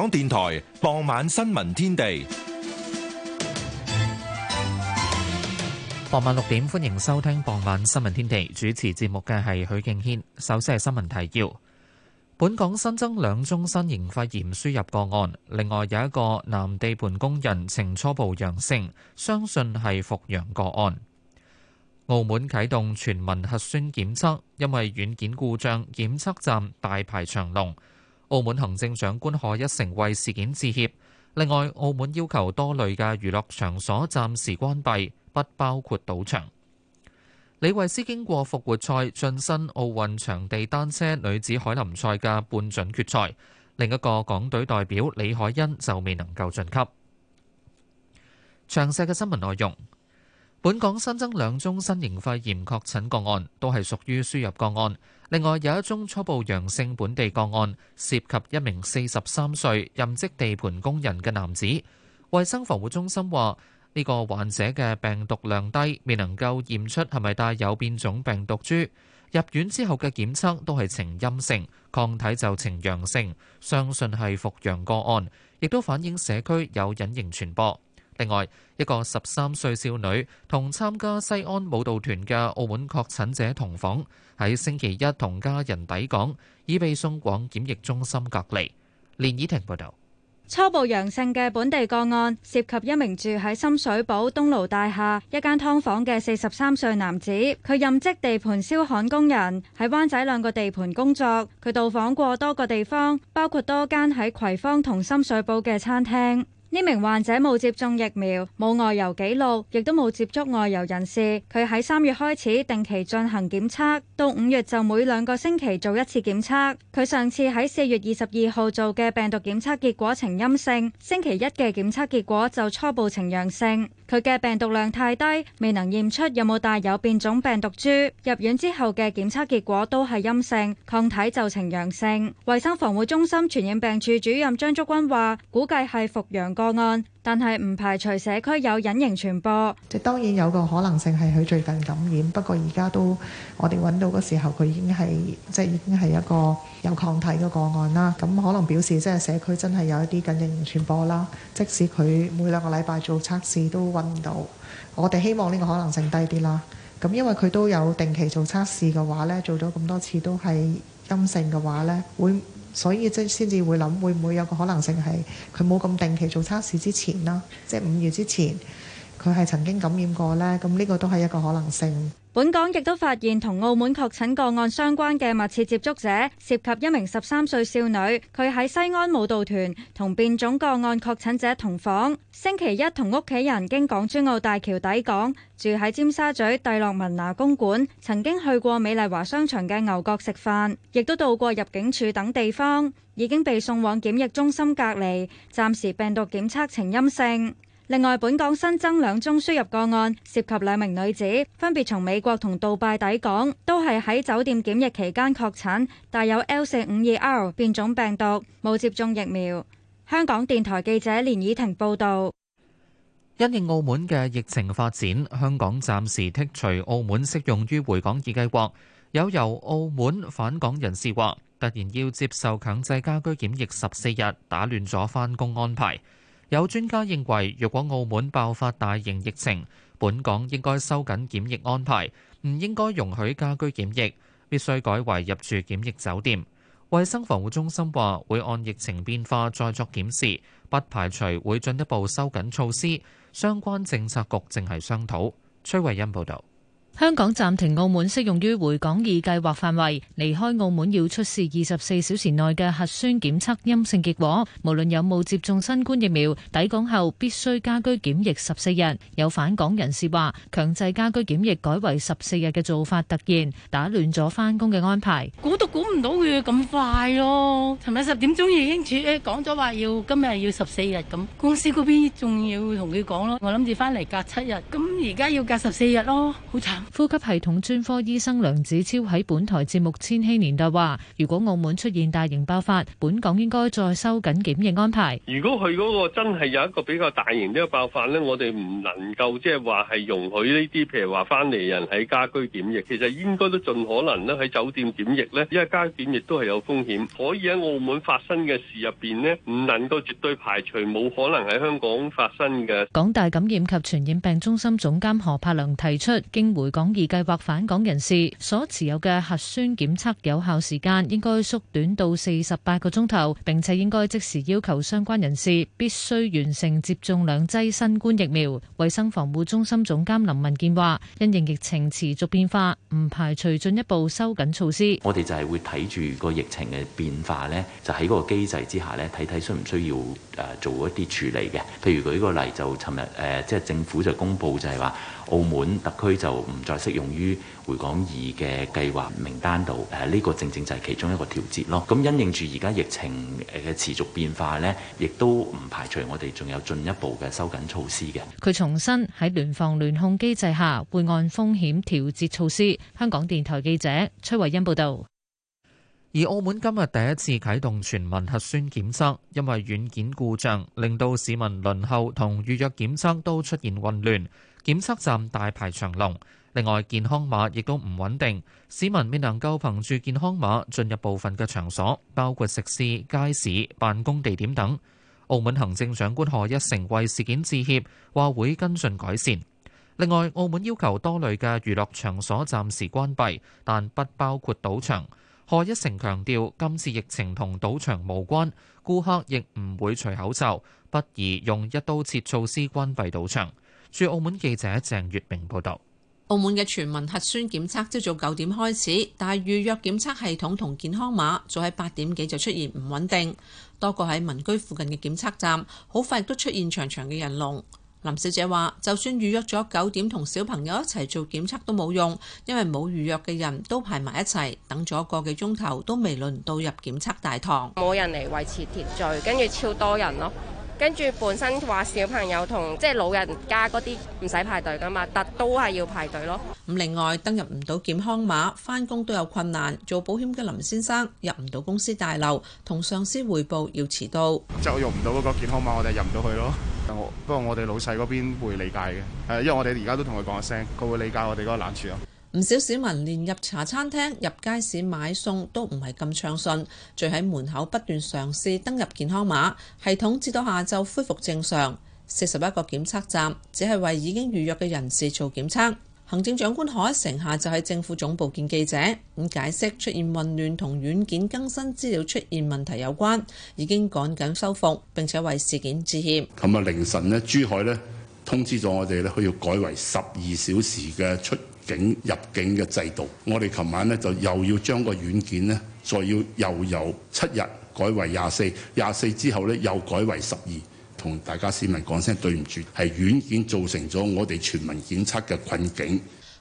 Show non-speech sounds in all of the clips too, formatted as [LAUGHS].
香港電台傍晚新聞天地，傍晚六點，歡迎收聽傍晚新聞天地。主持節目嘅係許敬軒。首先係新聞提要：本港新增兩宗新型肺炎輸入個案，另外有一個南地盤工人呈初步陽性，相信係復陽個案。澳門啟動全民核酸檢測，因為軟件故障，檢測站大排長龍。澳門行政長官賀一誠為事件致歉。另外，澳門要求多類嘅娛樂場所暫時關閉，不包括賭場。李慧詩經過復活賽晉身奧運場地單車女子海林賽嘅半準決賽，另一個港隊代表李海恩就未能夠晉級。詳細嘅新聞內容，本港新增兩宗新型肺炎確診個案，都係屬於輸入個案。另外有一宗初步陽性本地個案，涉及一名四十三歲任職地盤工人嘅男子。衛生防護中心話呢個患者嘅病毒量低，未能夠驗出係咪帶有變種病毒株。入院之後嘅檢測都係呈陰性，抗體就呈陽性，相信係復陽個案，亦都反映社區有隱形傳播。另外，一個十三歲少女同參加西安舞蹈團嘅澳門確診者同房，喺星期一同家人抵港，已被送往檢疫中心隔離。連以婷報導，初步陽性嘅本地個案涉及一名住喺深水埗東盧大廈一間劏房嘅四十三歲男子，佢任職地盤燒焊工人，喺灣仔兩個地盤工作，佢到訪過多個地方，包括多間喺葵芳同深水埗嘅餐廳。呢名患者冇接種疫苗，冇外遊記錄，亦都冇接觸外遊人士。佢喺三月開始定期進行檢測，到五月就每兩個星期做一次檢測。佢上次喺四月二十二號做嘅病毒檢測結果呈陰性，星期一嘅檢測結果就初步呈陽性。佢嘅病毒量太低，未能驗出有冇帶有，有變種病毒株。入院之後嘅檢測結果都係陰性，抗體就呈陽性。衛生防護中心傳染病處主任張竹君話估計係復陽個案，但係唔排除社區有隱形傳播。即當然有個可能性係佢最近感染，不過而家都我哋揾到嘅時候，佢已經係即係已經係一個有抗體嘅個案啦。咁可能表示即係社區真係有一啲隱形傳播啦。即使佢每兩個禮拜做測試都。諗唔到我哋希望呢個可能性低啲啦。咁因為佢都有定期做測試嘅話呢，做咗咁多次都係陰性嘅話呢，會所以即係先至會諗，會唔會有個可能性係佢冇咁定期做測試之前啦，即係五月之前佢係曾經感染過呢。咁、這、呢個都係一個可能性。本港亦都發現同澳門確診個案相關嘅密切接觸者，涉及一名十三歲少女，佢喺西安舞蹈團同變種個案確診者同房，星期一同屋企人經港珠澳大橋抵港，住喺尖沙咀帝樂文娜公館，曾經去過美麗華商場嘅牛角食飯，亦都到過入境處等地方，已經被送往檢疫中心隔離，暫時病毒檢測呈陰性。另外，本港新增兩宗輸入個案，涉及兩名女子，分別從美國同杜拜抵港，都係喺酒店檢疫期間確診，帶有 L 四五二 R 變種病毒，冇接種疫苗。香港電台記者連以婷報導。因應澳門嘅疫情發展，香港暫時剔除澳門適用於回港易計劃。有由澳門返港人士話，突然要接受強制家居檢疫十四日，打亂咗返工安排。有專家認為，若果澳門爆發大型疫情，本港應該收緊檢疫安排，唔應該容許家居檢疫，必須改為入住檢疫酒店。衛生防護中心話會按疫情變化再作檢視，不排除會進一步收緊措施。相關政策局正係商討。崔慧欣報道。香港暫停澳門適用於回港易計劃範圍，離開澳門要出示二十四小時內嘅核酸檢測陰性結果，無論有冇接種新冠疫苗。抵港後必須家居檢疫十四日。有返港人士話，強制家居檢疫改為十四日嘅做法突然打亂咗返工嘅安排。估都估唔到佢咁快咯，琴日十點鐘已經講咗話要今日要十四日咁，公司嗰邊仲要同佢講咯，我諗住翻嚟隔七日，咁而家要隔十四日咯，好慘。呼吸系統專科醫生梁子超喺本台節目《千禧年代》話，如果澳門出現大型爆發，本港應該再收緊檢疫安排。如果佢嗰個真係有一個比較大型呢個爆發咧，我哋唔能夠即係話，係容許呢啲，譬如話翻嚟人喺家居檢疫，其實應該都盡可能咧喺酒店檢疫咧，因為家居檢疫都係有風險，可以喺澳門發生嘅事入邊咧，唔能夠絕對排除冇可能喺香港發生嘅。港大感染及傳染病中心總監何柏良提出，經回港。港而計劃返港人士所持有嘅核酸檢測有效時間應該縮短到四十八個鐘頭，並且應該即時要求相關人士必須完成接種兩劑新冠疫苗。衞生防護中心總監林文健話，因應疫情持續變化，唔排除進一步收緊措施。我哋就係會睇住個疫情嘅變化，呢就喺嗰個機制之下，呢睇睇需唔需要誒做一啲處理嘅。譬如舉個例，就尋日誒，即係政府就公佈就係話。澳門特區就唔再適用於回港易嘅計劃名單度，誒、啊、呢、這個正正就係其中一個調節咯。咁因應住而家疫情嘅持續變化呢，亦都唔排除我哋仲有進一步嘅收緊措施嘅。佢重申喺聯防聯控機制下會按風險調節措施。香港電台記者崔慧恩報道。而澳門今日第一次啟動全民核酸檢測，因為軟件故障，令到市民輪候同預約檢測都出現混亂。檢測站大排長龍，另外健康碼亦都唔穩定，市民未能夠憑住健康碼進入部分嘅場所，包括食肆、街市、辦公地點等。澳門行政長官賀一誠為事件致歉，話會跟進改善。另外，澳門要求多類嘅娛樂場所暫時關閉，但不包括賭場。賀一誠強調，今次疫情同賭場無關，顧客亦唔會除口罩，不宜用一刀切措施關閉賭場。駐澳門記者鄭月明報道：澳門嘅全民核酸檢測朝早九點開始，但係預約檢測系統同健康碼早喺八點幾就出現唔穩定，多個喺民居附近嘅檢測站好快都出現長長嘅人龍。林小姐話：就算預約咗九點同小朋友一齊做檢測都冇用，因為冇預約嘅人都排埋一齊，等咗個幾鐘頭都未輪到入檢測大堂，冇人嚟維持秩序，跟住超多人咯。跟住本身話小朋友同即係老人家嗰啲唔使排隊噶嘛，但都係要排隊咯。咁另外登入唔到健康碼，返工都有困難。做保險嘅林先生入唔到公司大樓，同上司匯報要遲到。即係我用唔到嗰個健康碼，我哋入唔到去咯。不過我哋老細嗰邊會理解嘅，因為我哋而家都同佢講一聲，佢會理解我哋嗰個難處咯。唔少市民連入茶餐廳、入街市買餸都唔係咁暢順，聚喺門口不斷嘗試登入健康碼系統，至到下晝恢復正常。四十一個檢測站只係為已經預約嘅人士做檢測。行政長官賀一誠下晝就喺政府總部見記者，咁解釋出現混亂同軟件更新資料出現問題有關，已經趕緊修復並且為事件致歉。咁啊，凌晨咧，珠海咧通知咗我哋咧，佢要改為十二小時嘅出入境入境嘅制度，我哋琴晚咧就又要將個軟件咧再要又由七日改為廿四，廿四之後咧又改為十二，同大家市民講聲對唔住，係軟件造成咗我哋全民檢測嘅困境。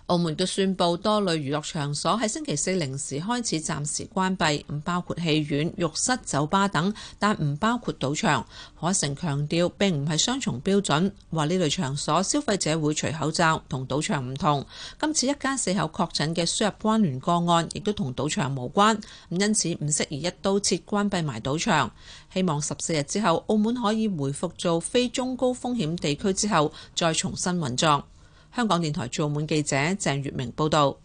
澳門嘅宣佈多類娛樂場所喺星期四零時開始暫時關閉，唔包括戲院、浴室、酒吧等，但唔包括賭場。可誠強調並唔係雙重標準，話呢類場所消費者會除口罩，同賭場唔同。今次一家四口確診嘅輸入關聯個案亦都同賭場無關，咁因此唔適宜一刀切關閉埋賭場。希望十四日之後，澳門可以回復做非中高風險地區之後，再重新運作。香港電台駐澳門記者鄭月明報道：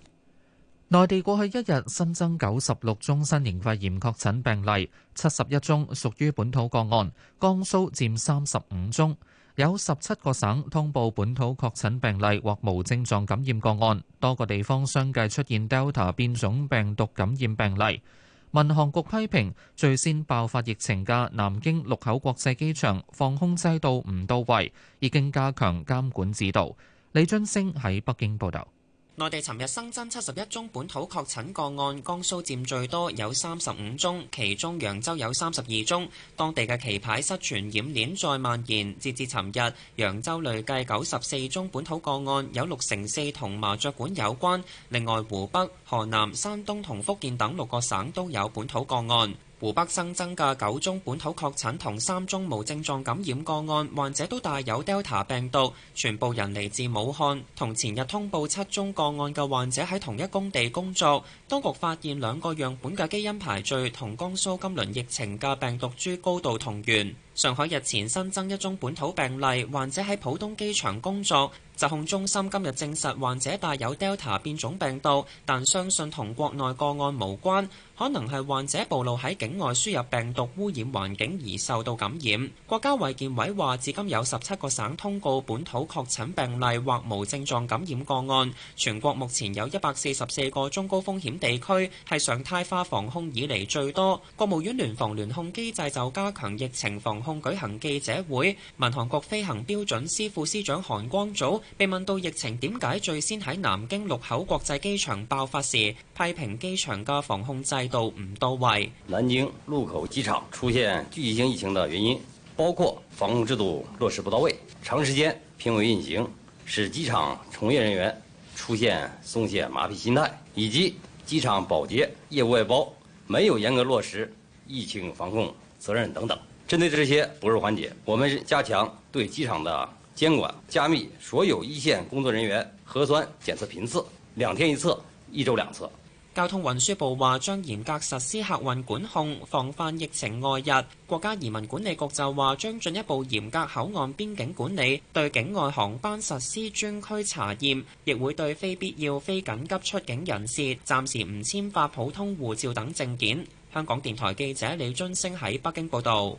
內地過去一日新增九十六宗新型肺炎確診病例，七十一宗屬於本土個案，江蘇佔三十五宗。有十七個省通報本土確診病例或無症狀感染個案，多個地方相繼出現 Delta 變種病毒感染病例。民航局批評最先爆發疫情嘅南京祿口國際機場防控制度唔到位，已經加強監管指導。李津升喺北京報道，內地尋日新增七十一宗本土確診個案，江蘇占最多，有三十五宗，其中揚州有三十二宗。當地嘅棋牌室傳染鏈再蔓延，截至尋日，揚州累計九十四宗本土個案，有六成四同麻雀館有關。另外，湖北、河南、山東同福建等六個省都有本土個案。湖北新增嘅九宗本土確診同三宗無症狀感染個案，患者都帶有 Delta 病毒，全部人嚟自武漢，同前日通報七宗個案嘅患者喺同一工地工作。當局發現兩個樣本嘅基因排序同江蘇今輪疫情嘅病毒株高度同源。上海日前新增一宗本土病例，患者喺浦東機場工作，疾控中心今日證實患者帶有 Delta 變種病毒，但相信同國內個案無關，可能係患者暴露喺境外輸入病毒污染環境而受到感染。國家衛健委話，至今有十七個省通告本土確診病例或無症狀感染個案，全國目前有一百四十四個中高風險地區，係常態化防控以嚟最多。國務院聯防聯控機制就加強疫情防控舉行記者會，民航局飛行標準司副司長韓光祖被問到疫情點解最先喺南京祿口國際機場爆發時，批評機場嘅防控制度唔到位。南京祿口機場出現聚集性疫情的原因，包括防控制度落實不到位、長時間平穩運行，使機場從業人員出現鬆懈麻痹心態，以及機場保潔、業務外包沒有嚴格落實疫情防控責任等等。針對這些薄弱環節，我們加強對機場的監管，加密所有一線工作人員核酸檢測頻次，兩天一次，一周兩次。交通運輸部話將嚴格實施客運管控，防範疫情外溢。國家移民管理局就話將進一步嚴格口岸邊境管理，對境外航班實施專區查驗，亦會對非必要、非緊急出境人士暫時唔簽發普通護照等證件。香港電台記者李津星喺北京報道。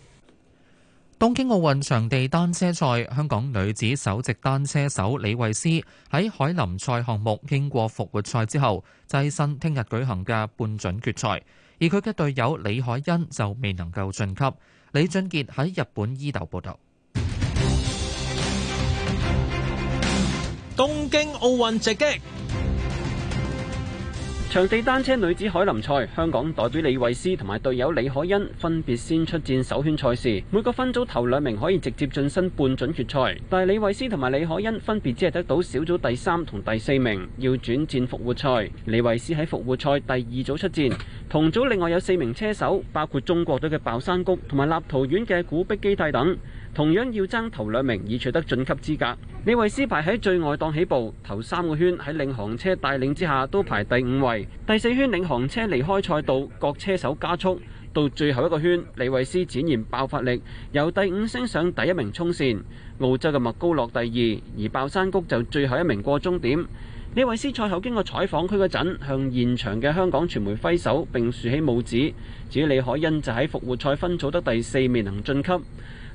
東京奧運場地單車賽，香港女子首席單車手李慧詩喺海林賽項目經過復活賽之後躋身聽日舉行嘅半準決賽，而佢嘅隊友李海恩就未能夠晉級。李俊杰喺日本伊豆報道東京奧運直擊。場地單車女子海林賽，香港代表李慧詩同埋隊友李可欣分別先出戰首圈賽事，每個分組頭兩名可以直接晉身半準決賽，但係李慧詩同埋李可欣分別只係得到小組第三同第四名，要轉戰復活賽。李慧詩喺復活賽第二組出戰，同組另外有四名車手，包括中國隊嘅爆山谷同埋立陶宛嘅古碧基蒂等。同樣要爭頭兩名以取得晉級資格。李維斯排喺最外檔起步，頭三個圈喺領航車帶領之下都排第五位。第四圈領航車離開賽道，各車手加速到最後一個圈，李維斯展現爆發力，由第五升上第一名衝線。澳洲嘅麥高樂第二，而爆山谷就最後一名過終點。李維斯賽後經過採訪區嗰陣，向現場嘅香港傳媒揮手並豎起拇指。至於李海欣就喺復活賽分組得第四，未能晉級。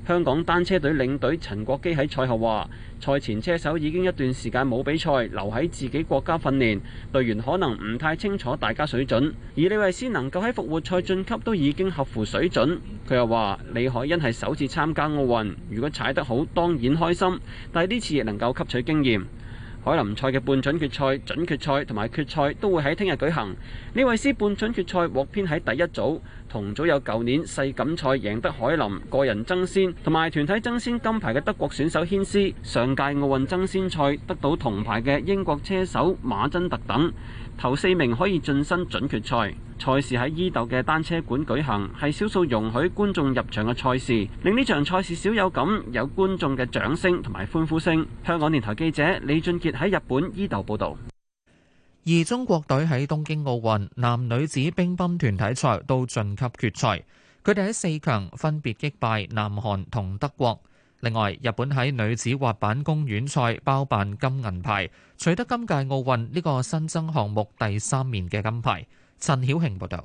香港單車隊領隊陳國基喺賽後話，賽前車手已經一段時間冇比賽，留喺自己國家訓練，隊員可能唔太清楚大家水準。而李慧詩能夠喺復活賽晉級都已經合乎水準。佢又話，李海欣係首次參加奧運，如果踩得好當然開心，但係呢次亦能夠吸取經驗。海林賽嘅半準決賽、準決賽同埋決賽都會喺聽日舉行。呢位師半準決賽獲編喺第一組，同組有舊年世錦賽贏得海林個人爭先同埋團體爭先金牌嘅德國選手軒斯，上屆奧運爭先賽得到銅牌嘅英國車手馬珍特等。頭四名可以晉身準決賽，賽事喺伊豆嘅單車館舉行，係少數容許觀眾入場嘅賽事，令呢場賽事少有咁有觀眾嘅掌聲同埋歡呼聲。香港電台記者李俊杰喺日本伊豆報道。而中國隊喺東京奧運男女子乒乓團體賽都晉級決賽，佢哋喺四強分別擊敗南韓同德國。另外，日本喺女子滑板公園賽包辦金銀牌，取得今屆奧運呢個新增項目第三年嘅金牌。陳曉慶報道。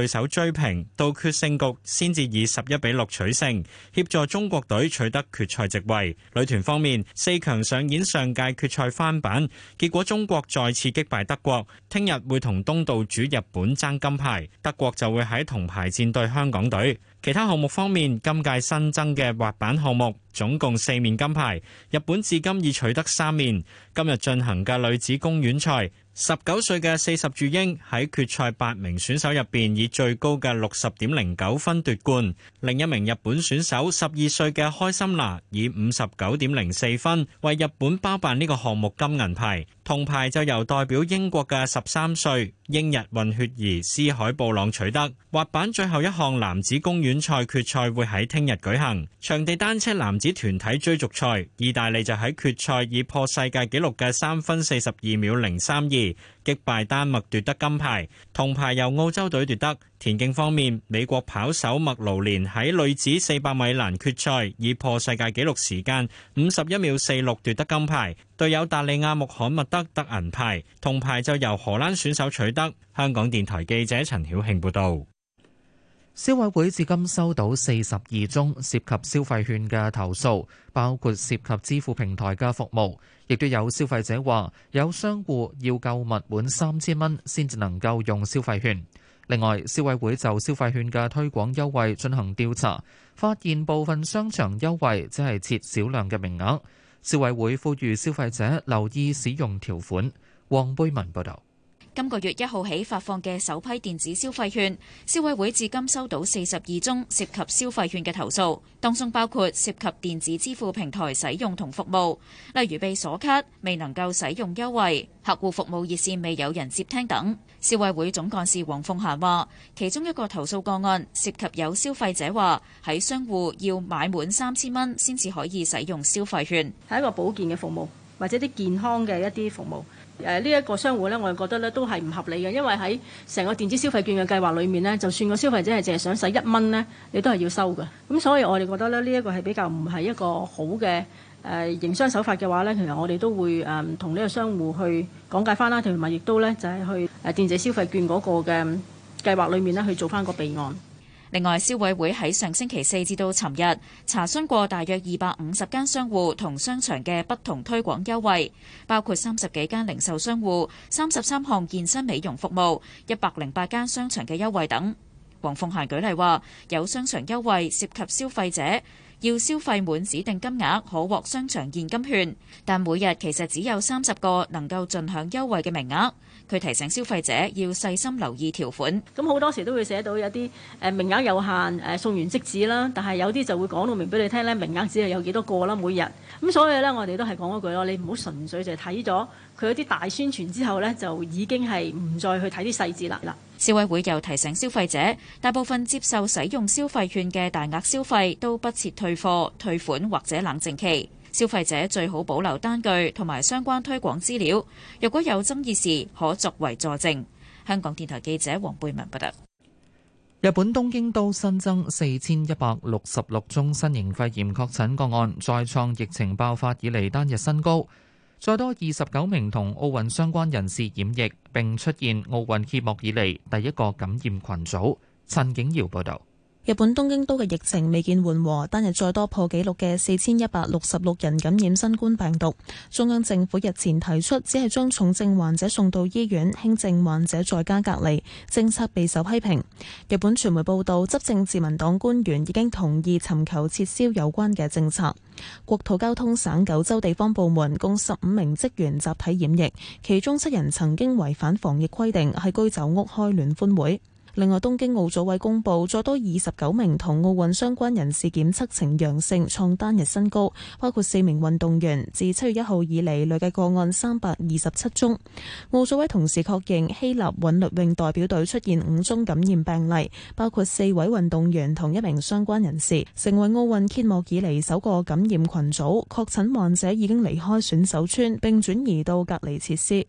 對手追平到決勝局，先至以十一比六取勝，協助中國隊取得決賽席位。女團方面，四強上演上屆決賽翻版，結果中國再次擊敗德國，聽日會同東道主日本爭金牌，德國就會喺銅牌戰對香港隊。其他項目方面，今屆新增嘅滑板項目，總共四面金牌，日本至今已取得三面。今日進行嘅女子公園賽。十九歲嘅四十住英喺決賽八名選手入邊，以最高嘅六十點零九分奪冠，另一名日本選手十二歲嘅開心娜以五十九點零四分為日本包辦呢個項目金銀牌。銅牌就由代表英國嘅十三歲英日混血兒斯海布朗取得。滑板最後一項男子公園賽決賽會喺聽日舉行。場地單車男子團體追逐賽，意大利就喺決賽以破世界紀錄嘅三分四十二秒零三二，擊敗丹麥奪得金牌，銅牌由澳洲隊奪得。田徑方面，美國跑手麥勞連喺女子四百米欄決賽以破世界紀錄時間五十一秒四六奪得金牌，隊友達利亞穆罕默德得銀牌，銅牌就由荷蘭選手取得。香港電台記者陳曉慶報道。消委會至今收到四十二宗涉及消費券嘅投訴，包括涉及支付平台嘅服務。亦都有消費者話，有商戶要購物滿三千蚊先至能夠用消費券。另外，消委會就消費券嘅推廣優惠進行調查，發現部分商場優惠只係設少量嘅名額。消委會呼籲消費者留意使用條款。黃貝文報道。今個月一號起發放嘅首批電子消費券，消委會至今收到四十二宗涉及消費券嘅投訴，當中包括涉及電子支付平台使用同服務，例如被鎖卡、未能夠使用優惠、客戶服務熱線未有人接聽等。消委會總幹事黃鳳霞話，其中一個投訴個案涉及有消費者話喺商戶要買滿三千蚊先至可以使用消費券，係一個保健嘅服務或者啲健康嘅一啲服務。誒呢一個商戶呢，我哋覺得呢都係唔合理嘅，因為喺成個電子消費券嘅計劃裡面呢，就算個消費者係淨係想使一蚊呢，你都係要收嘅。咁所以我哋覺得呢，呢一個係比較唔係一個好嘅誒營商手法嘅話呢，其實我哋都會誒同呢個商戶去講解翻啦，同埋亦都呢就係去誒電子消費券嗰個嘅計劃裡面呢去做翻個備案。另外，消委會喺上星期四至到尋日查詢過大約二百五十間商戶同商場嘅不同推廣優惠，包括三十幾間零售商戶、三十三項健身美容服務、一百零八間商場嘅優惠等。黃鳳嫻舉,舉例話有商場優惠涉及消費者，要消費滿指定金額可獲商場現金券，但每日其實只有三十個能夠盡享優惠嘅名額。佢提醒消費者要細心留意條款，咁好多時都會寫到有啲誒名額有限，誒送完即止啦。但係有啲就會講到明俾你聽咧，名額只係有幾多個啦，每日。咁所以咧，我哋都係講嗰句咯，你唔好純粹就睇咗佢一啲大宣傳之後咧，就已經係唔再去睇啲細節啦。消委會又提醒消費者，大部分接受使用消費券嘅大額消費都不設退貨、退款或者冷靜期。消費者最好保留單據同埋相關推廣資料，若果有爭議時，可作為佐證。香港電台記者黃貝文報道。日本東京都新增四千一百六十六宗新型肺炎確診個案，再創疫情爆發以嚟單日新高。再多二十九名同奧運相關人士染疫，並出現奧運揭幕以嚟第一個感染群組。陳景耀報導。日本東京都嘅疫情未見緩和，單日再多破紀錄嘅四千一百六十六人感染新冠病毒。中央政府日前提出，只係將重症患者送到醫院，輕症患者在家隔離，政策備受批評。日本傳媒報道，執政自民黨官員已經同意尋求撤銷有關嘅政策。國土交通省九州地方部門共十五名職員集體染疫，其中七人曾經違反防疫規定，喺居酒屋開聯歡會。另外，東京奧組委公布再多二十九名同奧運相關人士檢測呈陽性，創單日新高，包括四名運動員，自七月一號以嚟累計個案三百二十七宗。奧組委同時確認希臘韻律泳代表隊出現五宗感染病例，包括四位運動員同一名相關人士，成為奧運揭幕以嚟首個感染群組。確診患者已經離開選手村並轉移到隔離設施。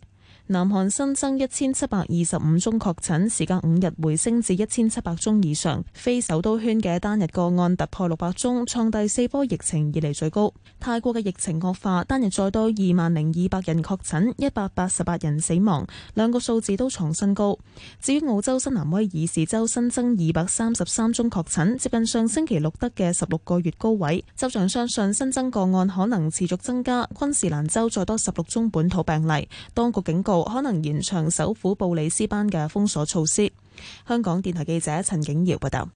南韓新增一千七百二十五宗確診，時隔五日回升至一千七百宗以上。非首都圈嘅單日個案突破六百宗，創第四波疫情以嚟最高。泰國嘅疫情惡化，單日再多二萬零二百人確診，一百八十八人死亡，兩個數字都創新高。至於澳洲新南威爾士州新增二百三十三宗確診，接近上星期錄得嘅十六個月高位。州長相信新增個案可能持續增加。昆士蘭州再多十六宗本土病例，當局警告。可能延長首府布里斯班嘅封鎖措施。香港電台記者陳景堯報道，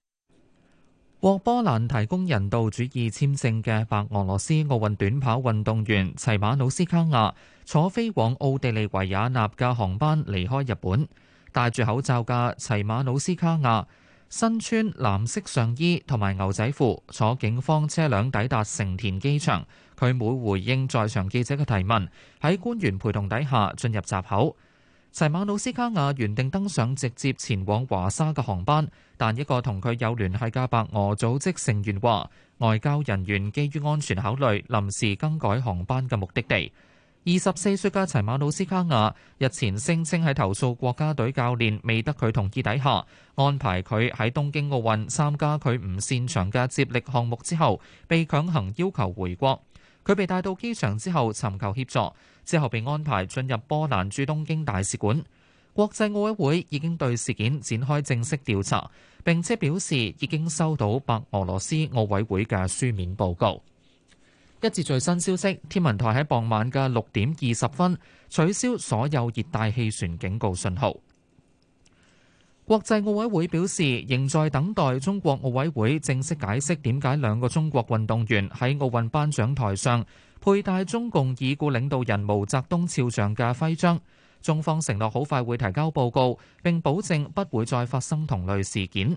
獲波蘭提供人道主義簽證嘅白俄羅斯奧運短跑運動員齊馬努斯卡亞，坐飛往奧地利維也納嘅航班離開日本。戴住口罩嘅齊馬努斯卡亞，身穿藍色上衣同埋牛仔褲，坐警方車輛抵達成田機場。佢冇回應在場記者嘅提問，喺官員陪同底下進入閘口。齊馬努斯卡亞原定登上直接前往華沙嘅航班，但一個同佢有聯繫嘅白俄組織成員話，外交人員基於安全考慮，臨時更改航班嘅目的地。二十四歲嘅齊馬努斯卡亞日前聲稱喺投訴國家隊教練未得佢同意底下安排佢喺東京奧運參加佢唔擅長嘅接力項目之後被強行要求回國。佢被帶到機場之後尋求協助，之後被安排進入波蘭駐東京大使館。國際奧委會已經對事件展開正式調查，並且表示已經收到白俄羅斯奧委會嘅書面報告。一宗最新消息，天文台喺傍晚嘅六點二十分取消所有熱帶氣旋警告信號。國際奧委會表示，仍在等待中國奧委會正式解釋點解兩個中國運動員喺奧運頒獎台上佩戴中共已故領導人毛澤東肖像嘅徽章。中方承諾好快會提交報告，並保證不會再發生同類事件。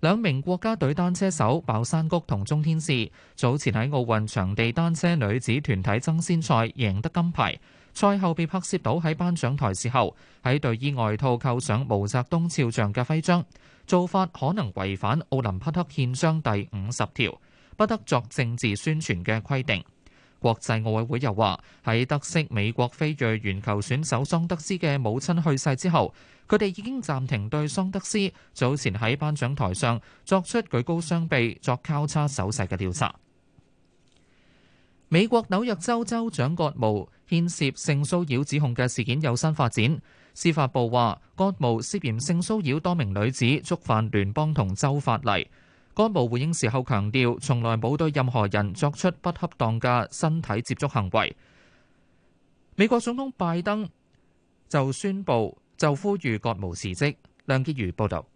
兩名國家隊單車手鮑珊菊同鍾天使，早前喺奧運場地單車女子團體爭先賽贏得金牌。賽後被拍攝到喺頒獎台時候，喺隊衣外套扣上毛澤東肖像嘅徽章，做法可能違反奧林匹克憲章第五十條不得作政治宣傳嘅規定。國際奧委會又話，喺得悉美國非裔鉛球選手桑德斯嘅母親去世之後，佢哋已經暫停對桑德斯早前喺頒獎台上作出舉高雙臂作交叉手勢嘅調查。美國紐約州州長國務。牽涉性騷擾指控嘅事件有新發展，司法部話，葛謨涉嫌性騷擾多名女子，觸犯聯邦同州法例。葛謨回應時候強調，從來冇對任何人作出不恰當嘅身體接觸行為。美國總統拜登就宣布就呼籲葛謨辭職。梁潔如報道，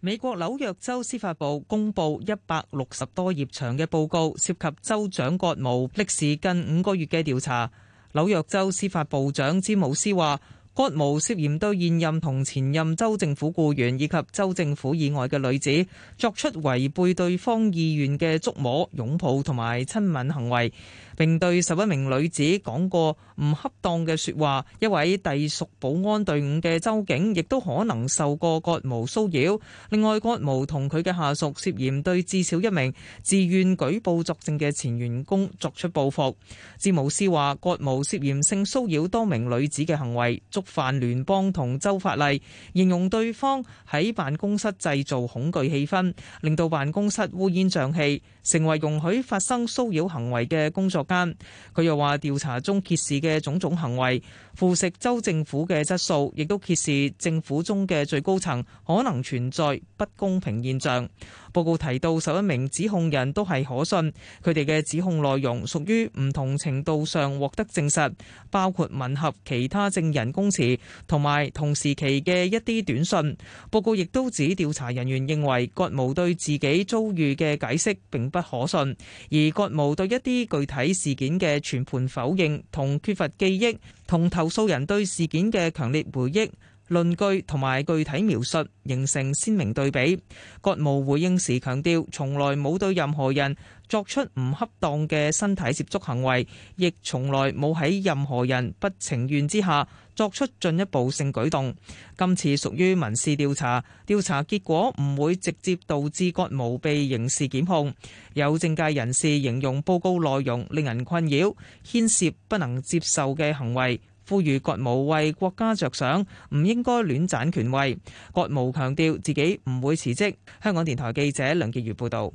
美國紐約州司法部公布一百六十多頁長嘅報告，涉及州長葛謨歷時近五個月嘅調查。紐約州司法部長詹姆斯話：郭謨涉嫌對現任同前任州政府僱員以及州政府以外嘅女子作出違背對方意願嘅觸摸、擁抱同埋親吻行為。並對十一名女子講過唔恰當嘅說話，一位隸屬保安隊伍嘅州警亦都可能受過葛謨騷擾，另外，葛謨同佢嘅下屬涉嫌對至少一名自願舉報作證嘅前員工作出報復。詹姆斯話葛謨涉嫌性騷擾多名女子嘅行為，觸犯聯邦同州法例，形容對方喺辦公室製造恐懼氣氛，令到辦公室烏煙瘴氣。成為容許發生騷擾行為嘅工作間。佢又話：調查中揭示嘅種種行為，腐蝕州政府嘅質素，亦都揭示政府中嘅最高層可能存在不公平現象。報告提到十一名指控人都係可信，佢哋嘅指控內容屬於唔同程度上獲得證實，包括吻合其他證人供詞同埋同時期嘅一啲短信。報告亦都指調查人員認為葛謨對自己遭遇嘅解釋並不可信，而葛謨對一啲具體事件嘅全盤否認同缺乏記憶同投訴人對事件嘅強烈回憶論據同埋具體描述形成鮮明對比。郭某回應時強調，從來冇對任何人作出唔恰當嘅身體接觸行為，亦從來冇喺任何人不情願之下作出進一步性舉動。今次屬於民事調查，調查結果唔會直接導致郭某被刑事檢控。有政界人士形容報告內容令人困擾，牽涉不能接受嘅行為。呼籲郭武為國家着想，唔應該戀棧權位。郭武強調自己唔會辭職。香港電台記者梁潔如報道。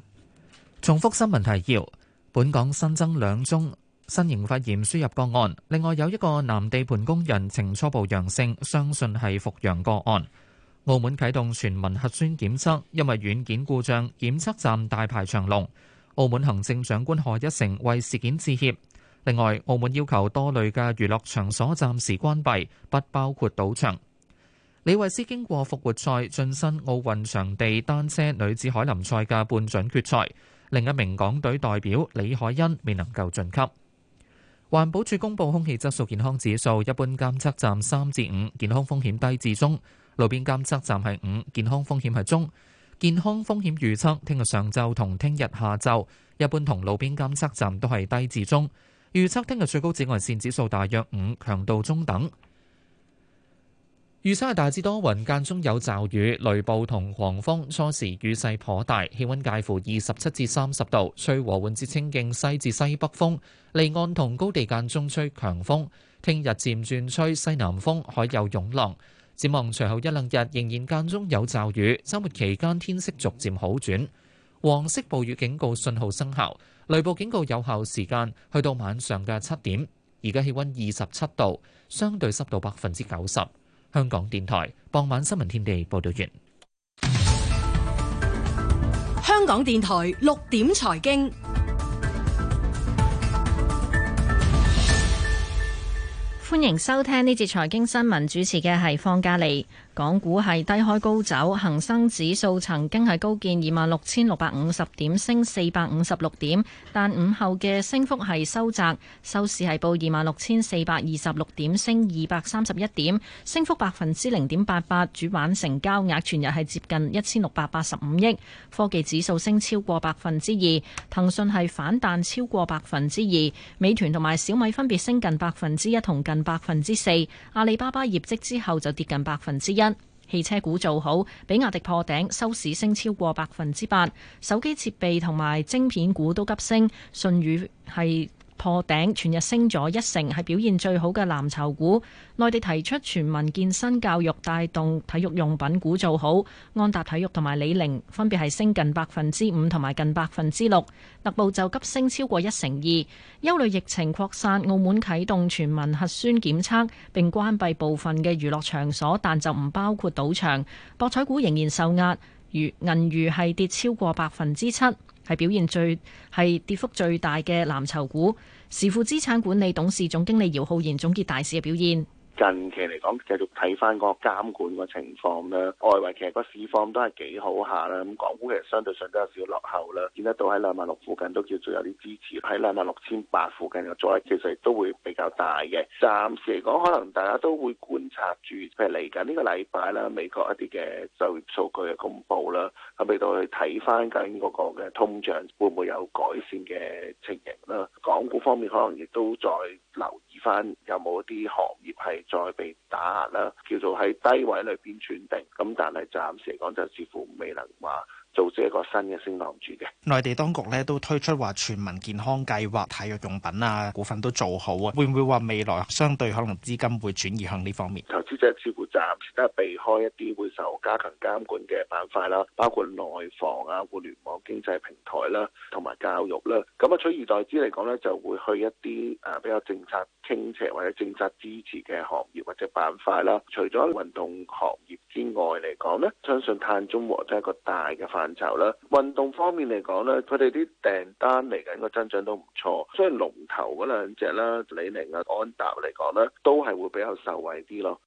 重複新聞提要，本港新增兩宗新型肺炎輸入個案，另外有一個男地盤工人呈初步陽性，相信係復陽個案。澳門啟動全民核酸檢測，因為軟件故障，檢測站大排長龍。澳門行政長官賀一誠為事件致歉。另外，澳門要求多類嘅娛樂場所暫時關閉，不包括賭場。李慧詩經過復活賽晉身奧運場地單車女子凱林賽嘅半準決賽，另一名港隊代表李海恩未能夠晉級。環保署公布空氣質素健康指數，一般監測站三至五，健康風險低至中；路邊監測站係五，健康風險係中。健康風險預測，聽日上晝同聽日下晝，一般同路邊監測站都係低至中。預測聽日最高紫外線指數大約五，強度中等。預測係大致多雲，間中有驟雨、雷暴同狂風，初時雨勢頗大，氣溫介乎二十七至三十度，吹和緩至清勁西至西北風，離岸同高地間中吹強風。聽日漸轉吹西南風，海有湧浪。展望隨後一兩日仍然間中有驟雨，周末期間天色逐漸好轉。黃色暴雨警告信號生效。雷暴警告有效時間去到晚上嘅七點，而家氣溫二十七度，相對濕度百分之九十。香港電台傍晚新聞天地報道完。香港電台六點財經，歡迎收聽呢節財經新聞，主持嘅係方嘉利。港股係低開高走，恒生指數曾經係高見二萬六千六百五十點，升四百五十六點。但午後嘅升幅係收窄，收市係報二萬六千四百二十六點，升二百三十一點，升幅百分之零點八八。主板成交額全日係接近一千六百八十五億。科技指數升超過百分之二，騰訊係反彈超過百分之二，美團同埋小米分別升近百分之一同近百分之四。阿里巴巴業績之後就跌近百分之一。汽車股做好，比亞迪破頂，收市升超過百分之八，手機設備同埋晶片股都急升，舜宇係破頂，全日升咗一成，係表現最好嘅藍籌股。內地提出全民健身教育，帶動體育用品股做好。安踏體育同埋李寧分別係升近百分之五同埋近百分之六。特步就急升超過一成二。憂慮疫情擴散，澳門啟動全民核酸檢測並關閉部分嘅娛樂場所，但就唔包括賭場。博彩股仍然受壓。如銀娛係跌超過百分之七，係表現最係跌幅最大嘅藍籌股。時富資產管理董事總經理姚浩然總結大市嘅表現。近期嚟講，繼續睇翻嗰個監管個情況啦。外圍其實個市況都係幾好下啦。咁港股其實相對上都有少少落後啦。見得到喺兩萬六附近都叫做有啲支持，喺兩萬六千八附近嘅阻力其實都會比較大嘅。暫時嚟講，可能大家都會觀察住，譬如嚟緊呢個禮拜啦，美國一啲嘅就業數據嘅公布啦，咁嚟到去睇翻緊嗰個嘅通脹會唔會有改善嘅情形啦。港股方面，可能亦都在留意。有冇啲行業係再被打壓啦？叫做喺低位裏邊轉定，咁但係暫時嚟講就似乎未能話做咗一個新嘅升浪主嘅。內地當局咧都推出話全民健康計劃，體育用品啊股份都做好啊，會唔會話未來相對可能資金會轉移向呢方面？投資者資本。暫時都係避開一啲會受加強監管嘅板塊啦，包括內房啊、互聯網經濟平台啦、啊，同埋教育啦。咁啊，取而代之嚟講咧，就會去一啲誒比較政策傾斜或者政策支持嘅行業或者板塊啦。除咗運動行業之外嚟講咧，相信碳中和都係一個大嘅範疇啦。運動方面嚟講咧，佢哋啲訂單嚟緊個增長都唔錯，雖然龍頭嗰兩隻啦，李寧啊、安踏嚟講咧，都係會比較受惠啲咯。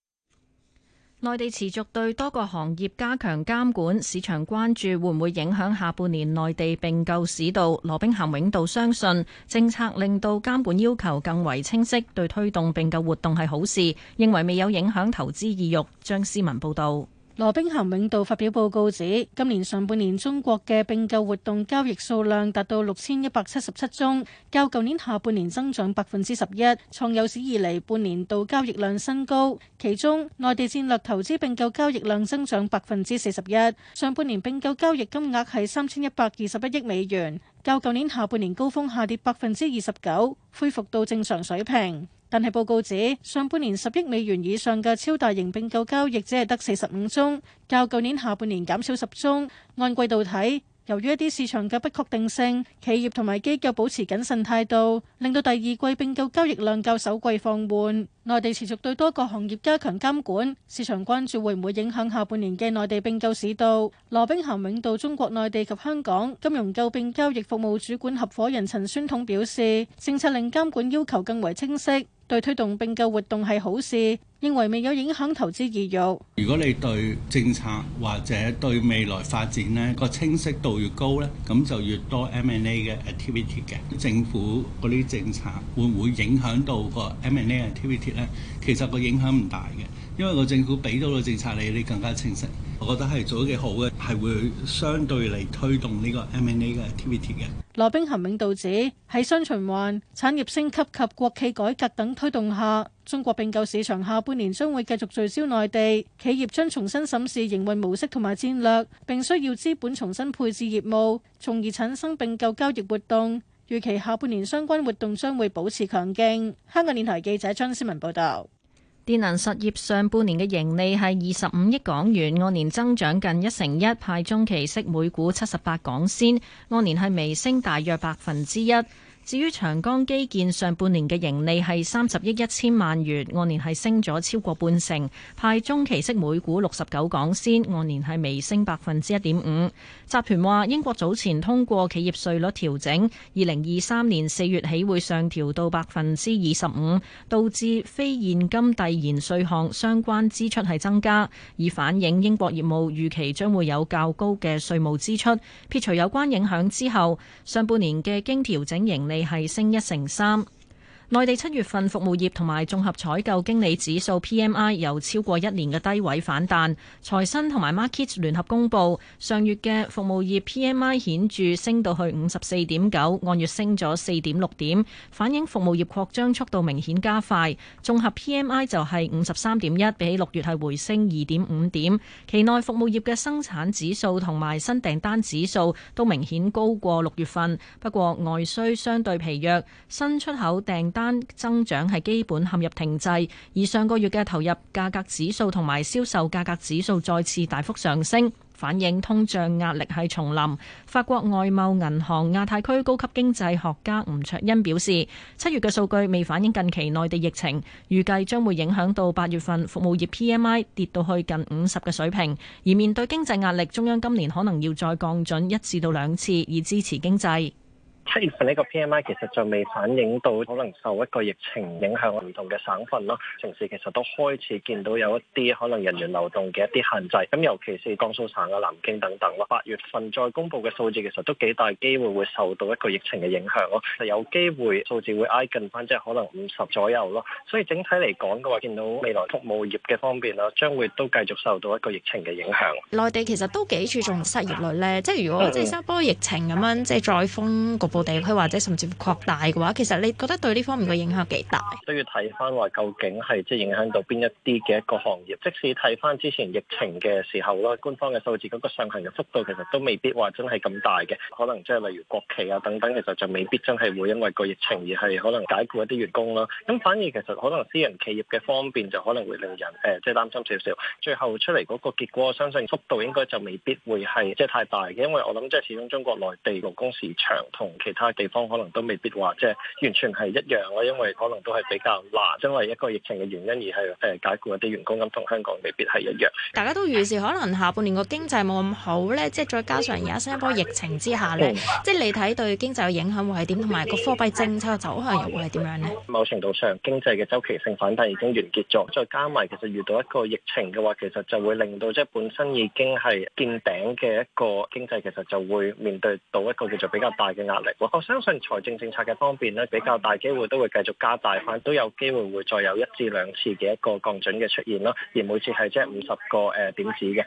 內地持續對多個行業加強監管，市場關注會唔會影響下半年內地併購市道？羅兵咸永道相信政策令到監管要求更為清晰，對推動併購活動係好事，認為未有影響投資意欲。張思文報道。羅兵咸永道發表報告指，今年上半年中國嘅併購活動交易數量達到六千一百七十七宗，較舊年下半年增長百分之十一，創有史以嚟半年度交易量新高。其中，內地戰略投資併購交易量增長百分之四十一，上半年併購交易金額係三千一百二十一億美元，較舊年下半年高峰下跌百分之二十九，恢復到正常水平。但係報告指，上半年十億美元以上嘅超大型並購交易只係得四十五宗，較舊年下半年減少十宗。按季度睇，由於一啲市場嘅不確定性，企業同埋機構保持謹慎態度，令到第二季並購交易量較首季放緩。內地持續對多個行業加強監管，市場關注會唔會影響下半年嘅內地並購市道。羅兵咸永道中國內地及香港金融購並交易服務主管合伙人陳宣統表示，政策令監管要求更為清晰，對推動並購活動係好事。認為未有影響投資熱度。如果你對政策或者對未來發展咧，個清晰度越高咧，咁就越多 M a n A 嘅 activity 嘅。政府嗰啲政策會唔會影響到個 M a n A activity 咧？其實個影響唔大嘅。因為個政府俾到個政策你，你更加清晰。我覺得係做得幾好嘅，係會相對嚟推動呢個 M&A 嘅 activity 嘅。羅兵咸永道指喺雙循環、產業升級及國企改革，改革等推動下，中國並購市場下半年將會繼續聚焦內地企業，將重新審視營運模式同埋戰略，並需要資本重新配置業務，從而產生並購交易活動。預期下半年相關活動將會保持強勁。香港電台記者張思文報道。電能實業上半年嘅盈利係二十五億港元，按年增長近一成一，派中期息每股七十八港仙，按年係微升大約百分之一。至於長江基建上半年嘅盈利係三十億一千萬元，按年係升咗超過半成，派中期息每股六十九港仙，按年係微升百分之一點五。集團話英國早前通過企業稅率調整，二零二三年四月起會上調到百分之二十五，導致非現金遞延稅項相關支出係增加，以反映英國業務預期將會有較高嘅稅務支出。撇除有關影響之後，上半年嘅經調整盈利，係升一成三。內地七月份服務業同埋綜合採購經理指數 PMI 由超過一年嘅低位反彈。財新同埋 Market 聯合公佈，上月嘅服務業 PMI 顯著升到去五十四點九，按月升咗四點六點，反映服務業擴張速度明顯加快。綜合 PMI 就係五十三點一，比六月係回升二點五點。期內服務業嘅生產指數同埋新訂單指數都明顯高過六月份，不過外需相對疲弱，新出口訂單增長係基本陷入停滯，而上個月嘅投入價格指數同埋銷售價格指數再次大幅上升，反映通脹壓力係重臨。法國外貿銀行亞太區高級經濟學家吳卓恩表示，七月嘅數據未反映近期內地疫情，預計將會影響到八月份服務業 PMI 跌到去近五十嘅水平。而面對經濟壓力，中央今年可能要再降準一至到兩次，以支持經濟。七月份呢個 PMI 其實就未反映到，可能受一個疫情影響唔同嘅省份咯，啊，城市其實都開始見到有一啲可能人員流動嘅一啲限制。咁尤其是江蘇省啊，南京等等咯，啊。八月份再公布嘅數字其實都幾大機會會受到一個疫情嘅影響咯，啊，就有機會數字會挨近翻即係可能五十左右咯，啊。所以整體嚟講嘅話，見到未來服務業嘅方面啦，啊，將會都繼續受到一個疫情嘅影響。內地其實都幾注重失業率咧， [LAUGHS] 即係如果，嗯、即係受波疫情咁樣，即係再封個波。地區或者甚至擴大嘅話，其實你覺得對呢方面嘅影響幾大？都要睇翻話究竟係即係影響到邊一啲嘅一個行業。即使睇翻之前疫情嘅時候啦，官方嘅數字嗰個上行嘅幅度其實都未必話真係咁大嘅。可能即係例如國企啊等等，其實就未必真係會因為個疫情而係可能解僱一啲員工啦。咁反而其實可能私人企業嘅方便就可能會令人誒即係擔心少少。最後出嚟嗰個結果，我相信幅度應該就未必會係即係太大嘅，因為我諗即係始終中國內地勞工市場同其他地方可能都未必話，即係完全係一樣咯，因為可能都係比較難，因為一個疫情嘅原因而係誒、呃、解僱一啲員工咁，同香港未必係一樣。大家都預示可能下半年個經濟冇咁好咧，即係再加上而家新一波疫情之下咧，哦、即係你睇對經濟嘅影響會係點，同埋個貨幣政策嘅走向又會係點樣咧？某程度上，經濟嘅周期性反彈已經完結咗，再加埋其實遇到一個疫情嘅話，其實就會令到即係本身已經係見頂嘅一個經濟，其實就會面對到一個叫做比較大嘅壓力。我相信財政政策嘅方面咧，比較大機會都會繼續加大翻，都有機會會再有一至兩次嘅一個降準嘅出現咯，而每次係即係五十個誒、呃、點子嘅。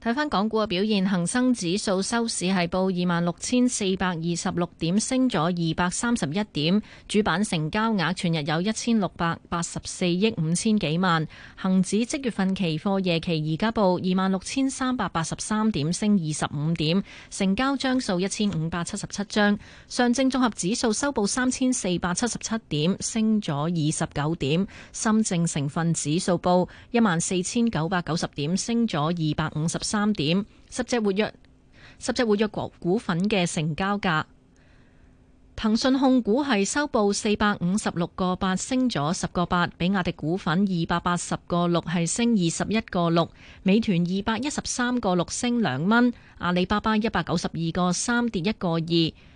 睇返港股嘅表現，恒生指數收市係報二萬六千四百二十六點，升咗二百三十一點。主板成交額全日有一千六百八十四億五千幾萬。恒指即月份期貨夜期而家報二萬六千三百八十三點，升二十五點，成交張數一千五百七十七張。上證綜合指數收報三千四百七十七點，升咗二十九點。深證成分指數報一萬四千九百九十點，升咗二百五十。三點十隻活躍，十隻活躍股股份嘅成交價。騰訊控股係收報四百五十六個八，升咗十個八。比亞迪股份二百八十個六係升二十一個六。美團二百一十三個六升兩蚊。阿里巴巴一百九十二個三跌一個二。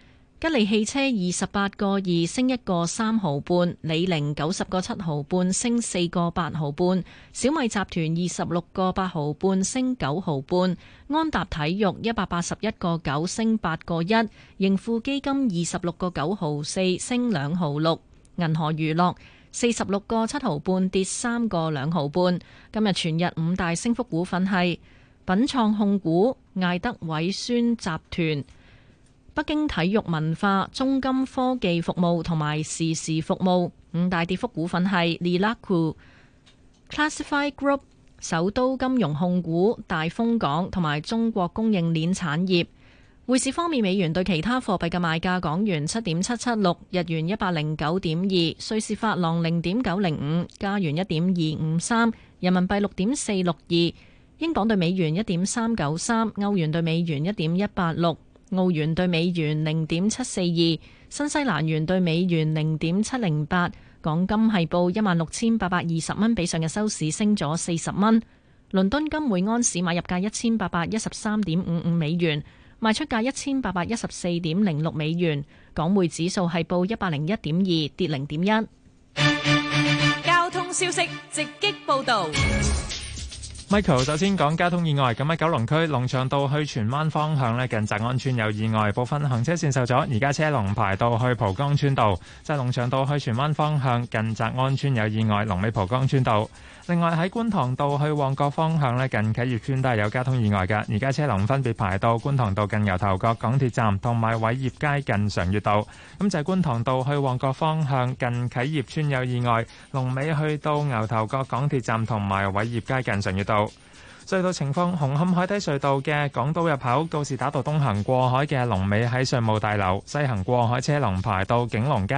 吉利汽車二十八個二升一個三毫半，李寧九十個七毫半升四個八毫半，小米集團二十六個八毫半升九毫半，安踏體育一百八十一個九升八個一，盈富基金二十六個九毫四升兩毫六，銀河娛樂四十六個七毫半跌三個兩毫半。今日全日五大升幅股份係品創控股、艾德偉宣集團。北京體育文化、中金科技服務同埋時事服務五大跌幅股份係 Lilaku Classify Group、首都金融控股、大豐港同埋中國供應鏈產業。匯市方面，美元對其他貨幣嘅賣價：港元七點七七六，日元一百零九點二，瑞士法郎零點九零五，加元一點二五三，人民幣六點四六二，英鎊對美元一點三九三，歐元對美元一點一八六。澳元兌美元零點七四二，新西蘭元兌美元零點七零八，港金係報一萬六千八百二十蚊，比上日收市升咗四十蚊。倫敦金每安士買入價一千八百一十三點五五美元，賣出價一千八百一十四點零六美元。港匯指數係報一百零一點二，跌零點一。交通消息直擊報導。Michael，首先講交通意外。咁喺九龍區龍翔道去荃灣方向咧，近澤安村有意外，部分行車線受阻，而家車龍排到去蒲崗村道。即係龍翔道去荃灣方向，近澤安村有意外，龍尾蒲崗村道。另外喺觀塘道去旺角方向咧，近啟業村都係有交通意外嘅。而家車龍分別排到觀塘道近牛頭角港鐵站，同埋偉業街近常月道。咁就係觀塘道去旺角方向近啟業村有意外，龍尾去到牛頭角港鐵站同埋偉業街近常月道。隧道情況：紅磡海底隧道嘅港島入口告士打道東行過海嘅龍尾喺上務大樓；西行過海車龍排到景隆街。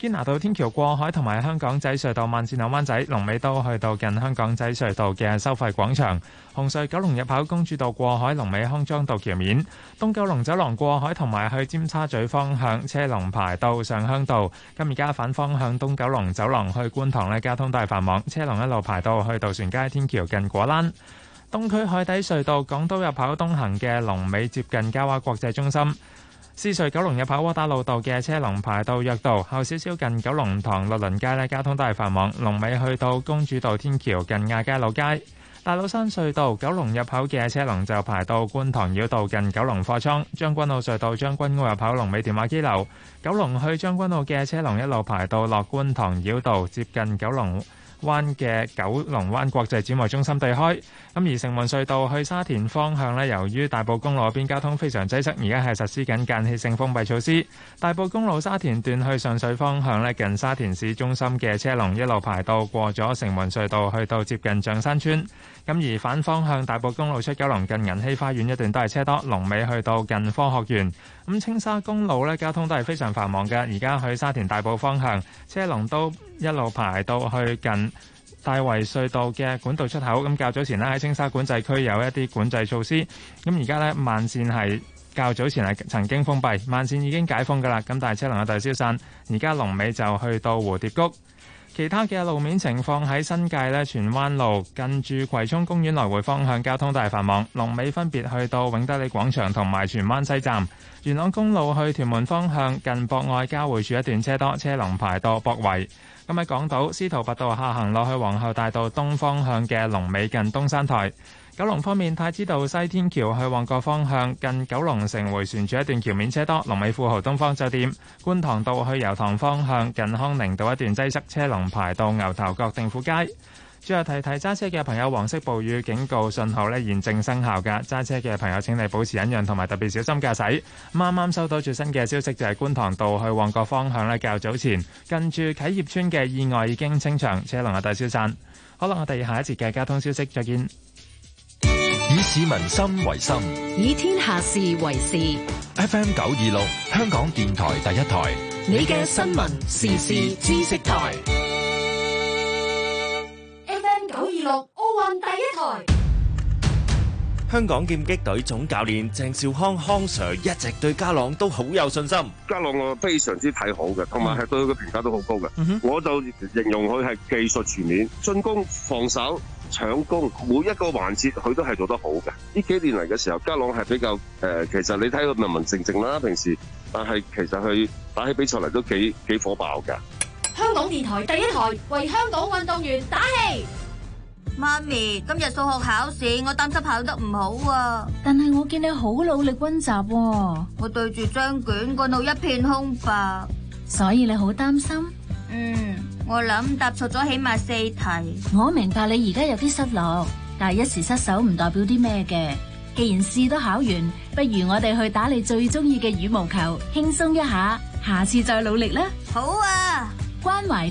堅拿道天橋過海同埋香港仔隧道慢線兩灣仔龍尾都去到近香港仔隧道嘅收費廣場。紅隧九龍入口公主道過海龍尾康莊道橋面。東九龍走廊過海同埋去尖沙咀方向車龍排到上鄉道。今而家反方向東九龍走廊去觀塘呢，交通大繁忙，車龍一路排到去渡船街天橋近果欄。東區海底隧道，港島入口東行嘅龍尾接近嘉華國際中心。獅隧九龍入口窩打老道嘅車龍排到約道後少少，近九龍塘六倫街咧，交通都係繁忙。龍尾去到公主道天橋近亞皆老街。大老山隧道九龍入口嘅車龍就排到觀塘繞道近九龍貨倉。將軍澳隧道將軍澳入口龍尾電話機樓，九龍去將軍澳嘅車龍一路排到落觀塘繞道，接近九龍灣嘅九龍灣國際展貿中心對開。咁而城門隧道去沙田方向呢，由於大埔公路邊交通非常擠塞，而家係實施緊間歇性封閉措施。大埔公路沙田段去上水方向呢，近沙田市中心嘅車龍一路排到過咗城門隧道，去到接近象山村。咁而反方向大埔公路出九龍近銀禧花園一段都係車多，龍尾去到近科學園。咁青沙公路呢，交通都係非常繁忙㗎，而家去沙田大埔方向車龍都一路排到去近大圍隧道嘅管道出口，咁較早前呢喺青沙管制區有一啲管制措施，咁而家呢，慢線係較早前係曾經封閉，慢線已經解封㗎啦，咁但係車龍有待消散，而家龍尾就去到蝴蝶谷。其他嘅路面情況喺新界咧，荃灣路近住葵涌公園來回方向交通大繁忙，龍尾分別去到永德里廣場同埋荃灣西站。元朗公路去屯門方向近博愛交匯處一段車多，車龍排到博圍。今日港島，司徒拔道下行落去皇后大道東方向嘅龍尾近東山台；九龍方面，太子道西天橋去旺角方向近九龍城回旋處一段橋面車多；龍尾富豪東方酒店，觀塘道去油塘方向近康寧道一段擠塞，車龍排到牛頭角定富街。最後提提揸車嘅朋友，黃色暴雨警告信號呢現正生效嘅，揸車嘅朋友請你保持忍讓同埋特別小心駕駛。啱啱收到最新嘅消息，就係觀塘道去旺角方向呢較早前近住啟業村嘅意外已經清場，車龍啊大消散。好啦，我哋下一節嘅交通消息再見。以市民心為心，以天下事為事。FM 九二六，香港電台第一台，你嘅新聞時事知識台。第一台，香港劍擊隊總教練鄭兆康康 Sir 一直對家朗都好有信心。家朗我非常之睇好嘅，同埋係對佢嘅評價都好高嘅。我就形容佢係技術全面、進攻、防守、搶攻，每一個環節佢都係做得好嘅。呢幾年嚟嘅時候，家朗係比較誒，其實你睇佢文文靜靜啦，平時，但係其實佢打起比賽嚟都幾幾火爆㗎。香港電台第一台為香港運動員打氣。媽咪，今日數學考試，我擔心考得唔好啊！但係我見你好努力溫習喎，我對住張卷個腦一片空白，所以你好擔心？嗯，我諗答錯咗起碼四題。我明白你而家有啲失落，但係一時失手唔代表啲咩嘅。既然試都考完，不如我哋去打你最中意嘅羽毛球，輕鬆一下，下次再努力啦。好啊，關懷。